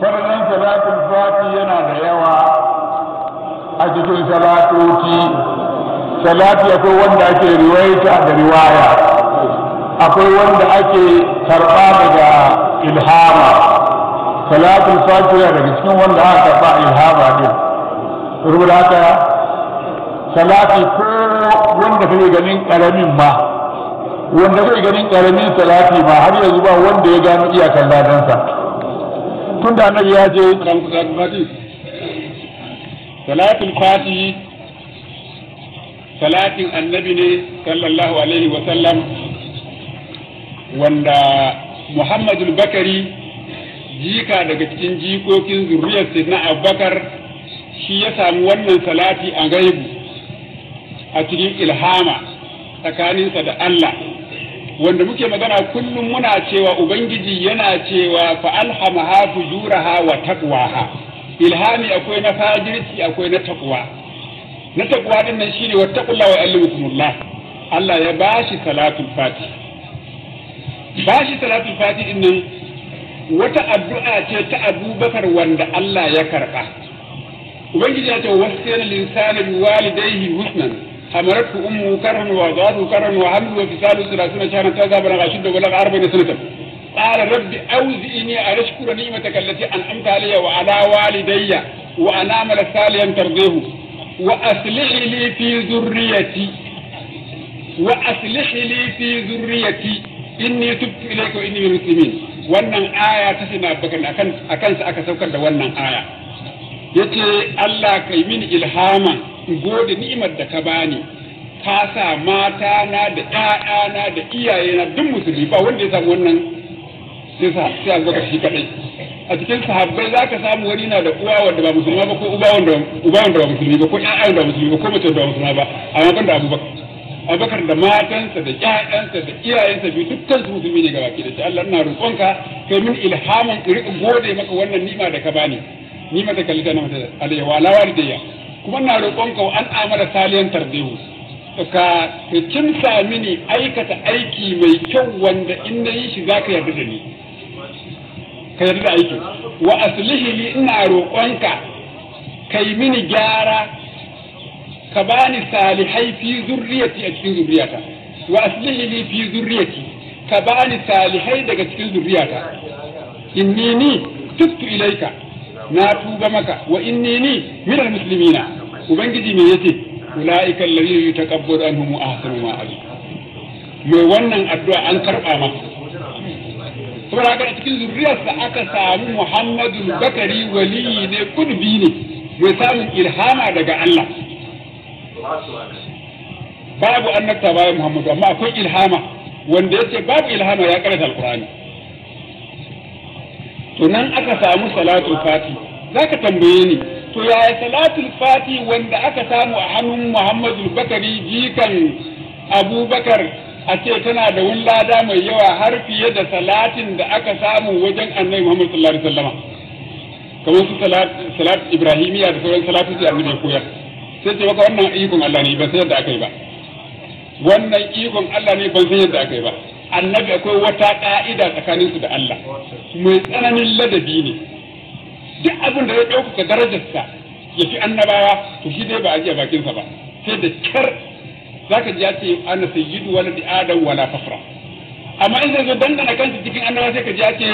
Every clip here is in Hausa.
fadalan salatul fati yana da yawa a cikin salatoci salati akwai wanda ake riwaita da riwaya akwai wanda ake karba daga ilhama salatul fati yana daga cikin wanda aka karba ilhama din rubuta haka salati ko wanda kake ganin karamin ma wanda zai ganin karamin salati ba har yanzu ba wanda ya gano iyakar ladansa tun da ya je salatul fati salatin annabi ne sallallahu alaihi wa sallam wanda muhammadul bakari jika daga cikin jikokin zuriyar na abubakar shi ya sami wannan salati a gaibu a cikin ilhama tsakaninsa da allah wanda muke magana kullum muna cewa ubangiji yana cewa fa alhamaha fujuraha wa taqwaha ilhami akwai na fajirci akwai na taqwa na taqwa din nan shine wattaqullaha wa yu'allimukumullah Allah ya bashi salatul fati bashi salatul fati din nan wata addu'a ce ta Abubakar wanda Allah ya karba ubangiji ya ce wasiyal linsani biwalidayhi husnan حملته أمه كرها ووضعته كرها وحمل وفصاله ثلاثون شهرا بلغ اشد وبلغ أربعين سنة قال رب أوزئني أن أشكر نعمتك التي أنعمت علي وعلى والدي وأن أعمل صالحا ترضيه وأصلح لي في ذريتي وأصلح لي في ذريتي إني تبت إليك وإني من المسلمين wannan aya ta sina bakar a kansa aka saukar da wannan aya yace in gode ni'imar da ka bani ka sa mata na da na da iyaye na duk musulmi ba wanda ya samu wannan sai sa sai shi kadai a cikin sahabbai zaka samu wani na da uwa wanda ba musulma ba ko uba wanda uba wanda ba musulmi ba ko ƴaƴa wanda ba musulmi ba ko mace wanda ba musulma ba amma banda abubakar abubakar da matansa da ƴaƴansa da iyayensa biyu dukkan su musulmi ne gabaki da shi Allah ina roƙonka kai min ilhamin gode maka wannan ni'ima da ka bani ni'ima da kallita na mata alayya wa lawari da ya kuma na roƙonka wa an amara saliyan tarbiyu ka kimsa mini aikata aiki mai kyau wanda in na yi shi za ka yarda da ni ka yarda da aiki wa aslihi li ina roƙonka kai mini gyara ka bani salihai fi zurriyati a cikin zurriyata wa aslihi li fi zurriyati ka bani salihai daga cikin zurriyata inni ni ilai ilaika na tuba maka wa inni ni minal muslimina ubangiji me yace ulaika allazina yutakabbaru anhum ahsanu ma alu me wannan addu'a an karba ma? saboda haka cikin sa aka samu Muhammadu Bakari waliyi ne kudubi ne mai samun ilhama daga Allah babu annabta bayan Muhammadu amma akwai ilhama wanda yace babu ilhama ya karanta alkurani to nan aka samu salatu fati zaka tambaye ni to ya yi salatul fati wanda aka samu a hannun muhammadu bakari jikan abubakar a ce tana da wun lada mai yawa har fiye da salatin da aka samu wajen annai Muhammadu sallallahu alaihi wasallama kamar su salat ibrahimiya da sauran salatu da annabi koyar sai ce maka wannan ikon Allah ne ban san yadda aka yi ba wannan ikon Allah ne ban san yadda aka yi ba annabi akwai wata ka'ida tsakaninsu da Allah mai tsananin ladabi ne duk abin da ya ɗaukaka darajarsa ya fi annabawa to shi dai ba a ji a bakinsa ba sai da kyar ka ji ya ce ana sayyidu wala da adam wala fafra amma in zai zo dandana kansa cikin annabawa sai ka ji ya ce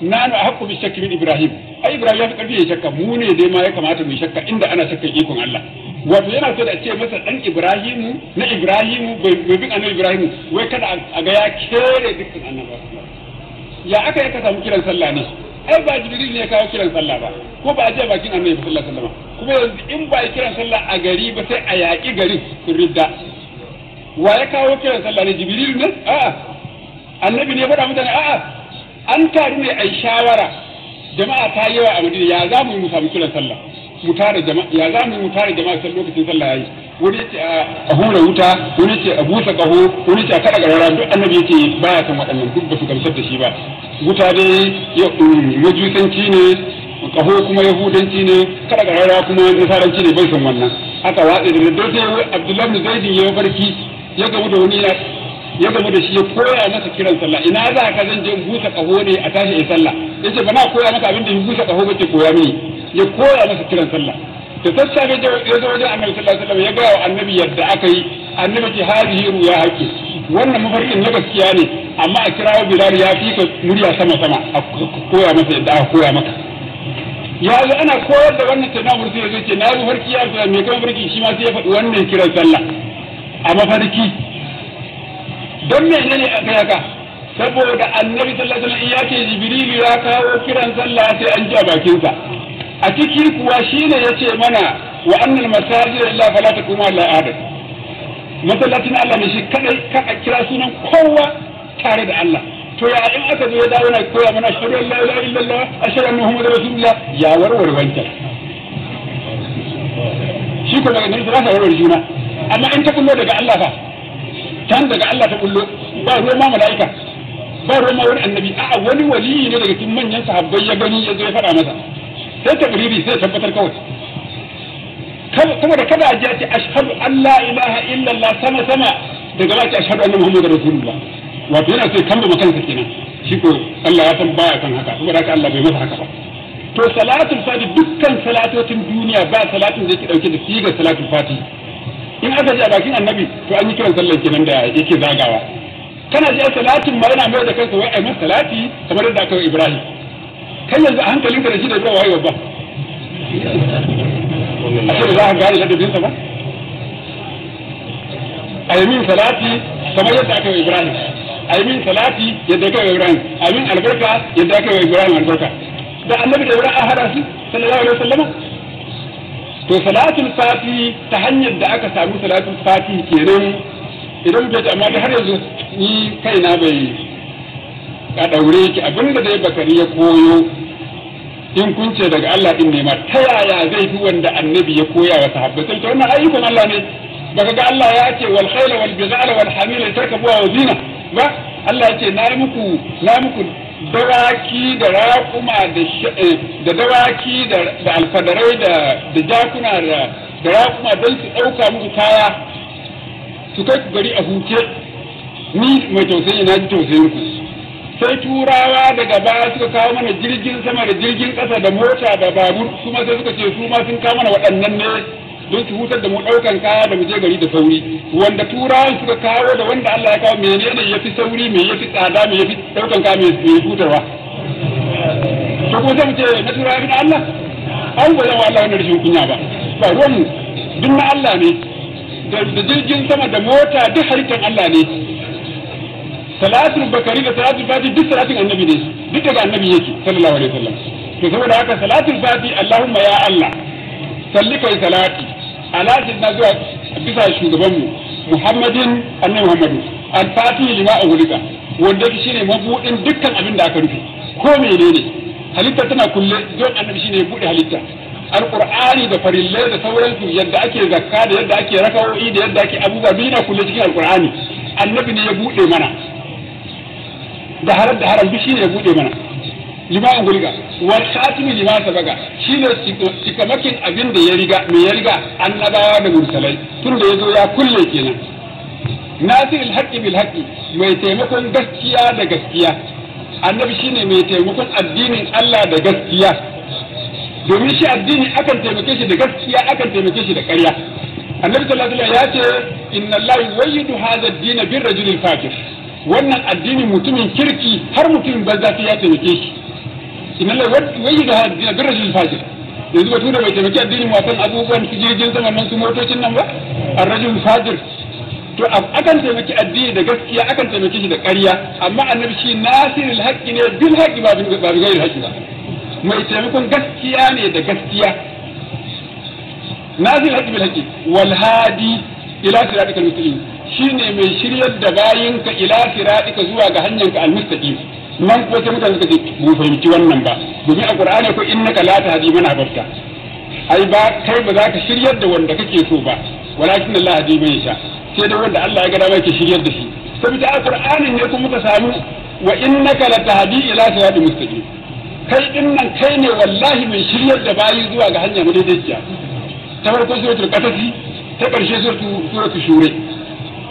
nanu ahqqu bi shakki min ibrahim ai ibrahim ya fi ƙarfi ya shakka mu ne dai ma ya kamata mu shakka inda ana shakkan ikon Allah wato yana so da ce masa ɗan ibrahimu na ibrahimu bai bi annabi ibrahimu wai kada a ga ya kere dukkan annabawa ya aka yi ka samu kiran sallah ne ai ba jibril ne ya kawo kiran sallah ba ko ba a ce bakin annabi sallallahu alaihi wasallam kuma yanzu in ba kiran sallah a gari ba sai a yaƙi garin sun ridda wa ya kawo kiran sallah ne jibril ne a'a annabi ne ya faɗa mutane a'a an taru ne ai shawara jama'a ta yawa a madina ya za mu yi mu samu kiran sallah mu tare jama'a ya za mu yi mu tare jama'a sai lokacin sallah yayi wani ce a hura wuta wani ce a busa kaho wani ce a kada garara duk annabi yake baya kan waɗannan duk ba su gamsar da shi ba wuta dai majusanci mm, ne kaho kuma yahudanci ne kada rara kuma nasaranci ne bai san wannan aka watsa da daddare sai abdullahi bin zaidin ya barki ya gamu da wani ya gamu da shi ya koya masa kiran sallah ina za ka zan je busa kaho ne a tashi a sallah ce ba na koya maka abin da busa kaho bace koya mini ya koya masa kiran sallah da sassafe ya zo wajen annabi sallallahu alaihi wasallam ya ga annabi yadda aka yi annabati hadihi ruya hake wannan mafarkin na gaskiya ne amma a kirawo bilal ya fi ka murya sama sama a koya masa yadda aka koya maka ya zo ana koyar da wannan na sai zai ce na yi mafarki ya zo me kuma farki shi ma sai ya faɗi wannan kiran sallah a mafarki don ne menene aka yaka saboda annabi sallallahu alaihi wasallam ya ce jibrilu ya kawo kiran sallah sai an ji a bakinsa a ciki kuwa shine yace mana wa annal masajid lillahi fala taqumu ala adam masallacin Allah ne shi kadai kan kira sunan kowa tare da Allah to ya in aka zo ya dawo na koya mana ashhadu la ilaha illallah ashhadu anna muhammadar rasulullah ya warware wanta shi ko daga nan za warware juna amma in ta kullo daga Allah fa tan daga Allah ta kullo ba ruwan ma mala'ika ba ruwan ma wani annabi a'a wani waliyi ne daga cikin manyan sahabbai ya gani ya zo ya faɗa masa sai takriri sai tabbatar kawai da kada a ji a ce ashhadu an la ilaha illallah sama sama daga ba ce ashhadu anna muhammadar rasulullah wato yana sai ya kamba kansa kenan shi ko Allah ya san baya kan haka da haka Allah bai masa haka ba to salatul fati dukkan salatotin duniya ba salatin da yake dauke da sigar salatul fati in aka ji a bakin annabi to an yi kiran sallar kenan da yake zagawa kana ji salatin ma yana mai da kansa wai ai salati kamar da aka yi Ibrahim kai yanzu a hankalinka da shi da zuwa wai babba ashe ba ka gane ladabinsa ba a yi min salati kamar yadda aka yi ibrahim a yi min salati yadda aka yi ibrahim a min albarka yadda aka yi ibrahim albarka da annabi da ibrahim an hada su sallallahu alaihi wasallama to salatul fati ta hanyar da aka samu salatul fati kenan idan bai ta amma har yanzu ni kaina bai ka daure ki abinda dai bakari ya koyo in kun ce daga Allah din ne ma ta yaya zai fi wanda annabi ya koya wa sahabbai sai ta wannan ayyukan Allah ne baka ga Allah ya ce wal khayla wal bizala wal hamila tarkabu wa zina ba Allah ya ce na yi muku na muku dawaki da raƙuma da eh, dawaki da alfadarai da jakuna da raƙuma don su ɗauka muku kaya su kai gari a huce ni mai tausayi na ji tausayin ku sai turawa daga baya suka kawo mana jirgin sama da jirgin ƙasa da mota da babur su ma sai suka ce su ma sun kawo mana waɗannan ne don su hutar da mu ɗaukan kaya da mu je gari da sauri wanda turawan suka kawo da wanda Allah ya kawo menene ya fi sauri me ya fi tsada me ya fi ɗaukan kaya me ya hutarwa to ko zan ce na turawa fi Allah an ba zan Allah wannan rashin kunya ba ba ruwan duk na Allah ne da jirgin sama da mota duk halittar Allah ne salatul bakari da Salatu fati duk salatin annabi ne duk daga annabi yake sallallahu alaihi wasallam to saboda haka salatul fati allahumma ya allah salli kai salati ala zuwa bisa mu muhammadin annabi muhammadu al fati lima ughliqa wanda shi ne mabudin dukkan abin da aka rufe ko menene halitta tana kulle don annabi shi ya bude halitta alqur'ani da farillai da sauransu yadda ake zakka da yadda ake rakawo'i da yadda ake abubuwa biyu na kulle cikin alqur'ani annabi ne ya bude mana da harar da harar shi ne ya bude mana lima an gulga wal khatimi lima sabaga shine sikamakin abin da ya riga mai ya riga annabawa da mursalai tun da yazo ya kulle kenan nasir al haqqi bil mai taimakon gaskiya da gaskiya annabi shine mai taimakon addinin Allah da gaskiya domin shi addini akan taimake shi da gaskiya akan taimake shi da ƙarya annabi sallallahu alaihi ya ce inna allahi wayyidu hadha ad-din bir rajulil fakir wannan addini mutumin kirki har mutumin banza sai ya taimake shi inna la wayi da addini da rajul fajir yanzu batu da bai taimaki addinin wasan abubuwan su jirgin sama nan su motocin nan ba a arrajul fajir to akan taimaki addini da gaskiya akan taimaki shi da ƙarya amma annabi shi nasirul haqqi ne bil haqqi ba bil ba bil haqqi ba mai taimakon gaskiya ne da gaskiya nasirul haqqi bil haqqi wal hadi ila siratal mustaqim shine mai shiryar da bayinka ila siratika zuwa ga hanyarka al-mustaqim nan ko sai mutane suka ce mu fahimci wannan ba domin a qur'ani ko innaka la tahdi man ahbabta ai ba kai ba za ka shiryar da wanda kake so ba walakin Allah hadi mai sha sai dai wanda Allah ya ga dama yake shiryar da shi saboda a qur'anin ne ku muka samu wa innaka la tahdi ila siratil mustaqim kai din nan kai ne wallahi mai shiryar da bayi zuwa ga hanya madaidaiciya ta farko suratul qasas ta karshe suratul suratul shura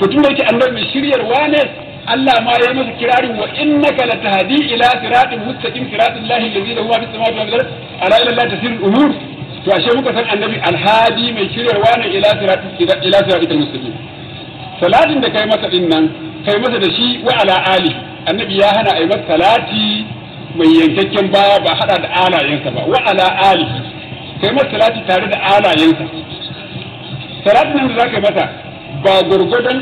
to tun da yake annabi mai shiryarwa ne Allah ma ya masa kirarin wa innaka latahdi ila siratin mustaqim siratil lahi allazi lahu ma fis samawati wal ardi ala ila allahi tasirul umur to ashe muka san annabi alhadi mai shiryarwa ne ila siratil ila siratil mustaqim salatin da kai masa din nan kai masa da shi wa ala ali annabi ya hana ai masa salati mai yankakken baya ba hada da alayensa ba wa ala ali kai masa salati tare da alayensa salatin nan da zaka yi masa ba gurgudun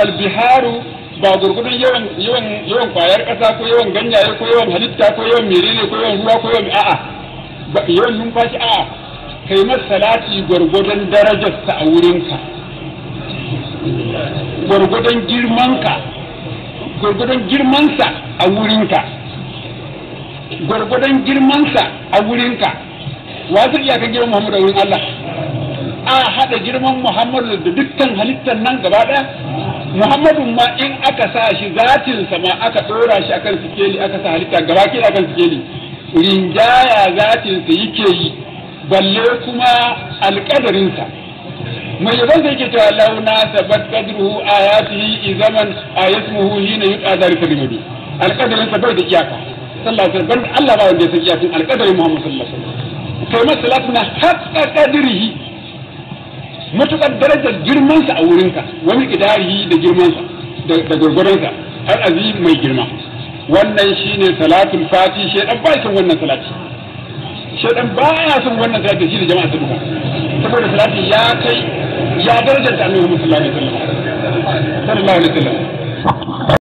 albiharu ba gurgudun yawan yawan yawan kwayar kasa ko yawan ganyaye ko yawan halitta ko yawan menene ko yawan ruwa ko yawan a'a yawan numfashi a'a kai mas salati gurgudun darajarsa a wurinka gurgudun ka gurgudun girmansa a wurinka gurgudun sa a wurinka iya ka girman Muhammadu a wurin Allah a haɗa girman muhammadu da dukkan halittar nan gaba ɗaya muhammadu ma in aka sa shi zatinsa ma aka ɗora shi akan sikeli aka sa halitta gaba ke akan sikeli rinjaya zatinsa yake yi balle kuma alƙadarinsa mai yaban da yake cewa launa sabat qadruhu ayatihi izaman ayasmuhu hina ta zalika limadi alƙadarinsa bai da iyaka sallallahu alaihi wasallam Allah ba wanda ya san iyakan alƙadarin muhammadu sallallahu alaihi wasallam kai na haƙa qadrihi matukar darajar girmansa a wurinka wani idarihi da girmansa da gwargwaronsa har azi mai girma wannan shine salatul fati shedan ba son wannan salati shedan ba ya son wannan salati shi da jama'a ta duka saboda salati ya kai ya darajar ta annabi sallallahu alaihi wasallam sallallahu alaihi wasallam